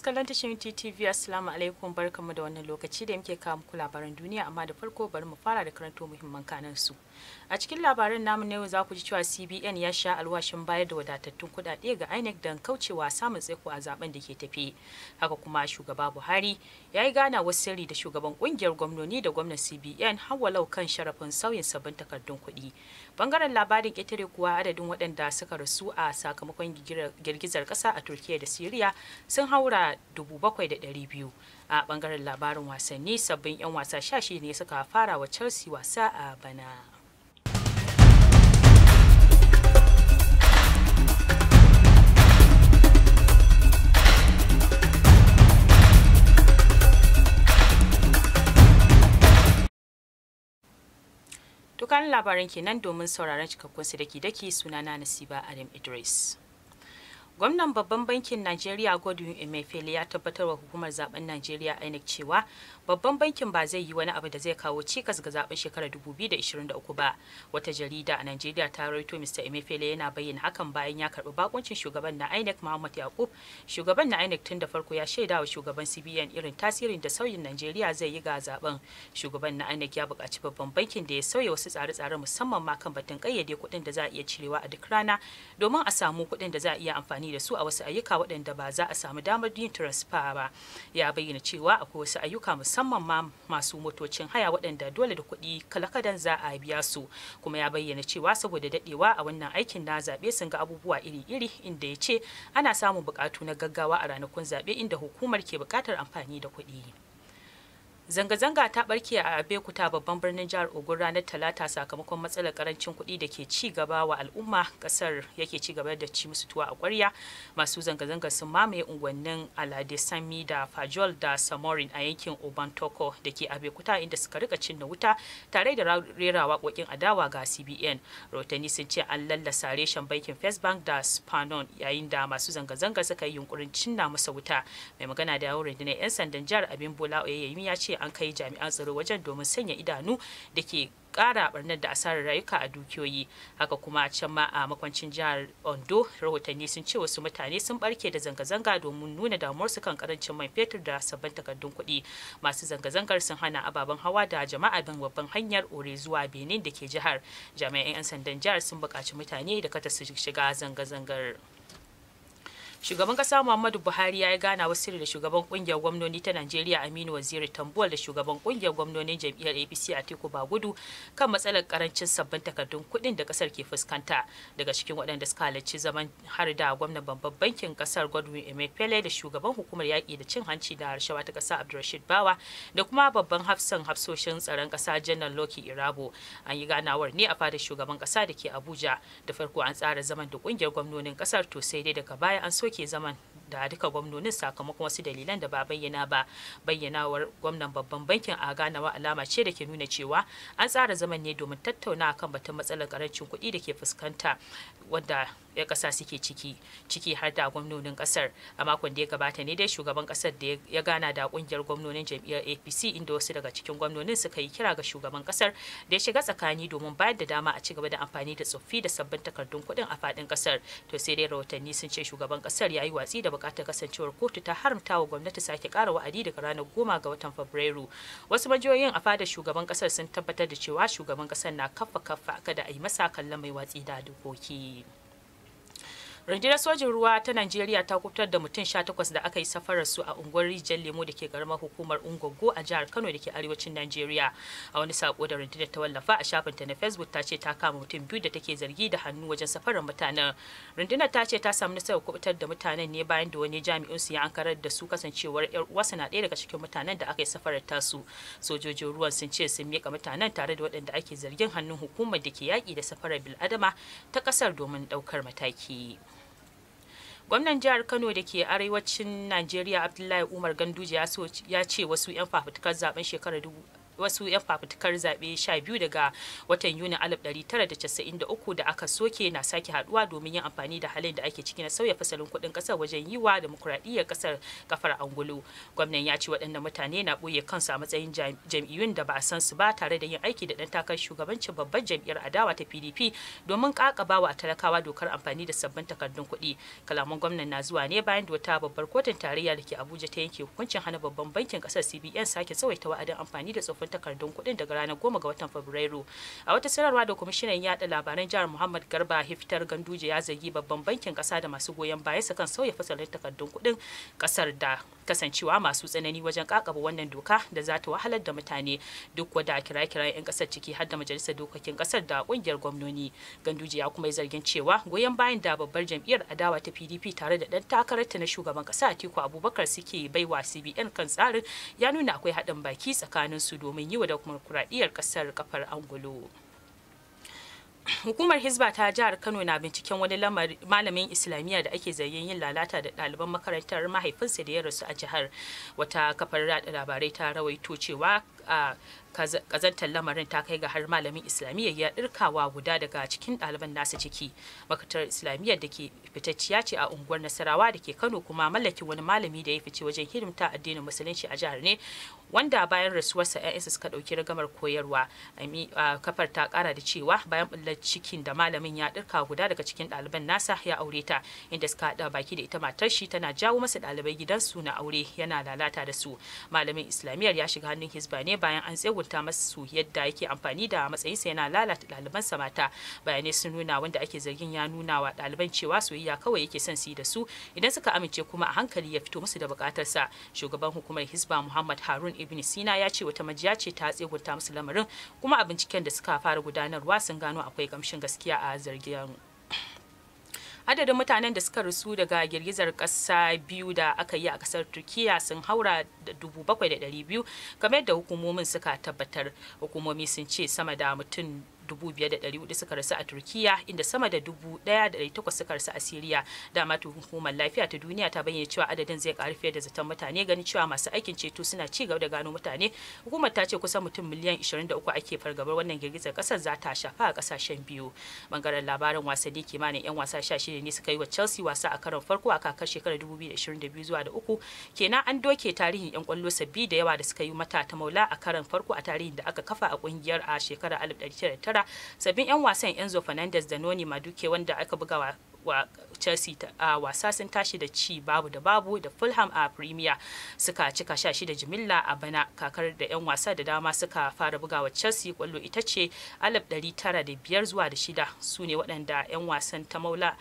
masu kallon tashin TTV Assalamu alaikum barkamu da wannan lokaci da muke kawo muku labaran duniya amma da farko bari mu fara da karanto muhimman kanan su. A cikin labaran namu na yau za ku ji cewa CBN ya sha alwashin bayar da wadatattun kudade ga INEC don kaucewa samun tsaiko a zaben da ke tafi. Haka kuma shugaba Buhari ya yi gana wasu sirri da shugaban kungiyar gwamnoni da gwamnan CBN Hawwalau kan sharafin sauyin sabbin takardun kuɗi. Bangaren labarin ƙetare kuwa adadin waɗanda suka rasu a sakamakon girgizar ƙasa a Turkiyya da Siriya sun haura naira biyu a bangaren labarin wasanni sabbin 'yan wasa shashi ne suka fara wa chelsea wasa a bana Dukan labarin kenan domin sauraron cikakkun su daki-daki sunana Nasiba Adam Idris. Gwamnan babban bankin Najeriya Godwin Emefiele ya tabbatar wa hukumar zaben Najeriya INEC cewa babban bankin ba zai yi wani abu da zai kawo cikas ga zaben shekarar 2023 ba. Wata jarida a Najeriya ta rawaito Mr. Emefiele yana bayyana hakan bayan ya karbi bakuncin shugaban na INEC Muhammad Yakub. Shugaban na INEC tun da farko ya shaida wa shugaban CBN irin tasirin da sauyin Najeriya zai yi ga zaben. Shugaban na INEC ya buƙaci babban bankin da ya sauya wasu tsare-tsare musamman ma kan batun kayyade kuɗin da za a iya cirewa a duk rana domin a samu kuɗin da za a iya amfani da su a wasu ayyuka waɗanda ba za a samu damar yin transfer ba ya bayyana cewa akwai wasu ayyuka musamman ma masu motocin haya waɗanda dole da kuɗi kalakadan za a biya su kuma ya bayyana cewa saboda daɗewa a wannan aikin na zaɓe sun ga abubuwa iri-iri inda ya ce ana samun buƙatu na gaggawa a ranakun zaɓe inda hukumar ke buƙatar amfani da kuɗi. Zanga-zanga ta barke a kuta babban birnin jihar Ogun ranar Talata sakamakon matsalar karancin kuɗi da ke ci gaba wa al'umma kasar yake ci gaba da ci musu tuwa a kwarya Masu zanga-zanga sun mamaye unguwannin Alade Sami da Fajol da Samorin a yankin oban Obantoko da ke kuta inda suka rika cin na wuta tare da rera waƙoƙin adawa ga CBN. rotani sun ce an lallasa reshen bankin First Bank da Spanon yayin da masu zanga-zanga suka yi yunkurin cinna masa wuta. Mai magana da yawon rundunar 'yan sandan jihar Abin Bola Oyeyemi ya ce an kai jami'an tsaro wajen domin sanya idanu da ke kara barnar da asarar rayuka a dukiyoyi haka kuma can ma a makwancin jihar ondo rahotanni sun ce wasu mutane sun barke da zanga-zanga domin nuna damuwarsu kan karancin man fetur da sabbin takardun kuɗi masu zanga-zangar sun hana ababen hawa da jama'a bin babban hanyar ore zuwa benin da ke jihar jami'an 'yan sandan jihar sun buƙaci mutane da kata su shiga zanga-zangar shugaban kasa muhammadu buhari ya yi gana wasu da shugaban kungiyar gwamnoni ta najeriya aminu waziri tambuwal da shugaban kungiyar gwamnonin jam'iyyar apc a teku bagudu kan matsalar karancin sabbin takardun kuɗin da kasar ke fuskanta daga cikin waɗanda suka halarci zaman har da gwamnan babban bankin kasar godwin emefele da shugaban hukumar yaƙi da cin hanci da harshawa ta kasa abdulrashid bawa da kuma babban hafsan hafsoshin tsaron kasa janar loki irabo an yi ganawar ne a fadar shugaban kasa da ke abuja da farko an tsara zaman da kungiyar gwamnonin kasar to sai dai daga baya an so soke zaman da duka gwamnonin sakamakon wasu dalilan da ba bayyana ba bayyanawar gwamnan babban bankin a ganawa alama ce da ke nuna cewa an tsara zaman ne domin tattauna kan batun matsalar karancin kuɗi da ke fuskanta wadda ya kasa suke ciki ciki har da gwamnonin ƙasar a makon da ya gabata ne dai shugaban ƙasar da ya gana da kungiyar gwamnonin jam'iyyar apc inda wasu daga cikin gwamnonin suka yi kira ga shugaban ƙasar da ya shiga tsakani domin bayar da dama a ci gaba da amfani da tsoffi da sabbin takardun kuɗin a faɗin kasar to sai dai rahotanni sun ce shugaban ƙasar ya yi watsi da bukatar kasancewar kotu ta haramta wa gwamnati sake kara wa'adi daga ranar goma ga watan fabrairu wasu majiyoyin a fadar shugaban ƙasar sun tabbatar da cewa shugaban kasar na kafa kafa kada a yi masa kallon mai watsi da dokoki. rundunar sojin ruwa ta najeriya ta kubtar da mutum takwas da aka yi safarar su a unguwar rijiyar lemo da ke karamar hukumar ungogo a jihar kano da ke arewacin najeriya a wani sako da rundunar ta wallafa a shafin ta na facebook ta ce ta kama mutum biyu da take zargi da hannu wajen safarar mutanen rundunar ta ce ta samu nasarar kubtar da mutanen ne bayan da wani jami'in su ya ankarar da su kasancewar yar uwarsa na ɗaya daga cikin mutanen da aka yi safarar tasu sojojin ruwan sun ce sun miƙa mutanen tare da waɗanda ake zargin hannun hukumar da ke yaƙi da safarar bil'adama ta ƙasar domin ɗaukar mataki. gwamnan jihar kano da ke arewacin najeriya abdullahi umar ganduje ya ce wasu 'yan fafutukar zaben shekarar wasu 'yan fafutukar zaɓe 12 daga watan Yuni 1993 da aka soke na sake haduwa domin yin amfani da halin da ake ciki na sauya fasalin kuɗin ƙasar wajen yi wa demokuraɗiyyar ƙasar kafar angulu. Gwamnan ya ce waɗannan mutane na ɓoye kansu a matsayin jam'iyyun da ba a san su ba tare da yin aiki da ɗan takarar shugabancin babbar jam'iyyar adawa ta PDP domin ƙaƙabawa a talakawa dokar amfani da sabbin takardun kuɗi. Kalaman gwamnan na zuwa ne bayan da wata babbar kotun tarayya da ke Abuja ta yanke hukuncin hana babban bankin ƙasar CBN sake tsawaita wa'adin amfani da tsofaffin takardun kuɗin daga ranar goma ga watan fabrairu a wata sanarwa da kwamishinan yaɗa labaran jihar muhammad garba hiftar ganduje ya zargi babban bankin ƙasa da masu goyon baya su kan sauya fasalin takardun kuɗin ƙasar da kasancewa masu tsanani wajen kakaba wannan doka da za ta wahalar da mutane duk wadda kira kira 'yan kasar ciki har da majalisar dokokin kasar da kungiyar gwamnoni ganduje ya kuma yi zargin cewa goyon bayan da babbar jam'iyyar adawa ta pdp tare da dan takarar ta na shugaban kasa atiku abubakar suke baiwa cbn kan tsarin ya nuna akwai haɗin baki tsakanin su domin yi wa da kuma kuraɗiyar kasar kafar angulo. hukumar hizba ta jihar kano na binciken wani malamin islamiyya da ake zargin yin lalata da ɗaliban makarantar mahaifinsa da ya rasu a jihar wata kafar labarai ta rawaito cewa kazantar lamarin ta kai ga har malamin islamiyya ya dirkawa guda daga cikin ɗaliban nasa ciki makatar islamiyya da ke fitacciya ce a unguwar nasarawa da ke kano kuma mallaki wani malami da ya fice wajen hidimta addinin musulunci a jihar ne wanda bayan rasuwarsa 'ya'yansa suka ɗauki ragamar koyarwa kafar ta ƙara da cewa bayan ɓullar cikin da malamin ya ɗirka guda daga cikin ɗaliban nasa ya aure ta inda suka haɗa baki da ita matar shi tana jawo masa ɗalibai gidansu na aure yana lalata da su malamin islamiyyar ya shiga hannun hisbani ne bayan an tsegunta masu yadda yake amfani da matsayin sa yana lalata ɗalibansa mata bayanai sun nuna wanda ake zargin ya nuna wa ɗaliban cewa soyayya kawai yake son su da su idan suka amince kuma a hankali ya fito musu da sa shugaban hukumar hisba muhammad harun ibn sina ya ce wata majiya ce ta tsegunta musu lamarin kuma a binciken da suka fara gudanarwa sun gano akwai kamshin gaskiya a zargin adadin mutanen da suka rasu daga girgizar ƙasa biyu da aka yi a ƙasar turkiya sun haura da dubu bakwai da dari biyu game da hukumomin suka tabbatar hukumomi sun ce sama da mutum 5,400 suka rasu a Turkiya inda sama da 1,800 suka rasu a Siriya. Dama hukumar lafiya ta duniya ta bayyana cewa adadin zai ƙaru fiye da zaton mutane ganin cewa masu aikin ceto suna ci gaba da gano mutane. Hukumar ta ce kusan mutum miliyan 23 ake fargabar wannan girgizar kasar za ta shafa a kasashen biyu. Bangaren labarin wasanni kimanin 'yan wasa 16 ne suka yi wa Chelsea wasa a karon farko a kakar shekarar 2022 zuwa da uku kenan an doke tarihin 'yan kwallo sabbi da yawa da suka yi mata ta maula a karon farko a tarihin da aka kafa a kungiyar a shekarar nasara sabbin 'yan wasan enzo fernandez da noni maduke wanda aka buga wa wa Chelsea a wasa sun tashi da ci babu da babu da Fulham a Premier suka cika sha shida jimilla a bana kakar da 'yan wasa da dama suka fara bugawa Chelsea kwallo ita ce 1905 zuwa da shida su ne waɗanda 'yan wasan ta maula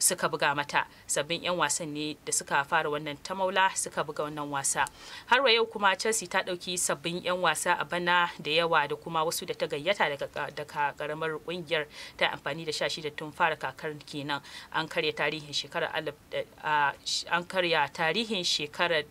suka buga mata sabbin 'yan wasan ne da suka fara wannan tamaula suka buga wannan wasa har wa yau kuma chelsea ta ɗauki sabbin 'yan wasa a bana da yawa da kuma wasu da ta gayyata daga karamar kungiyar ta amfani da shashi da tun fara kakar kenan an karya tarihin shekarar eh,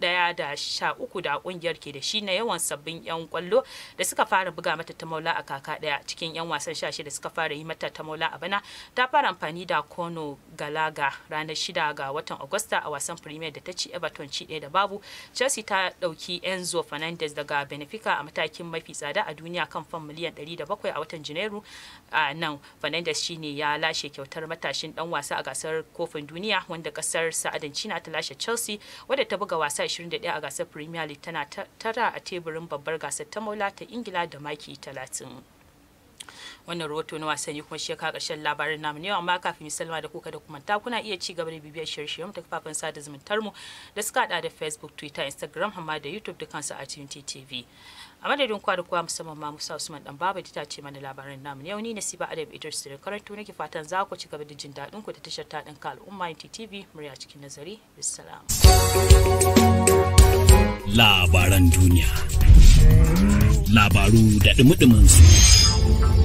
daya da sha uku da kungiyar ke da shi na yawan sabbin 'yan kwallo da suka fara buga mata ta maula a kaka daya cikin 'yan wasan sha shida suka fara yi mata ta maula a bana ta fara amfani da kono galaga ranar shida ga watan agusta a wasan premier da ta ci everton ci ɗaya da babu chelsea ta ɗauki enzo fernandez daga benefica a matakin mafi tsada a duniya kan fan miliyan 700 a watan janairu a nan fernandez shine ya lashe kyautar matashin dan wasa a gasar kofin duniya wanda kasar sa'adin china ta lashe chelsea wadda ta buga wasa 2021 a gasar Premier League tana tara a teburin babbar gasar ta maula ta Ingila da maki 30. wannan rahoto na wasanni kuma shekara karshen labarin namu ne amma kafin salma da kuka da kuma ta kuna iya ci gaba da bibiyar shirye-shiryen ta kafafen sada zumuntar mu da suka hada da Facebook Twitter Instagram amma da YouTube da su a TV a madadin kwa da kwa musamman ma Musa Usman dan baba ta ce mana labarin namu ne yau ni Nasiba Adam Idris da karanto nake fatan za ku ci gaba da jin daɗin ku da tashar ta ɗinka al'umma TV murya cikin nazari bisalam labaran duniya. Labaru da ɗumi su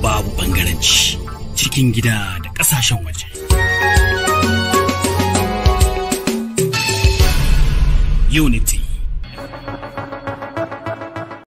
babu ɓangaranci cikin gida da ƙasashen waje. Unit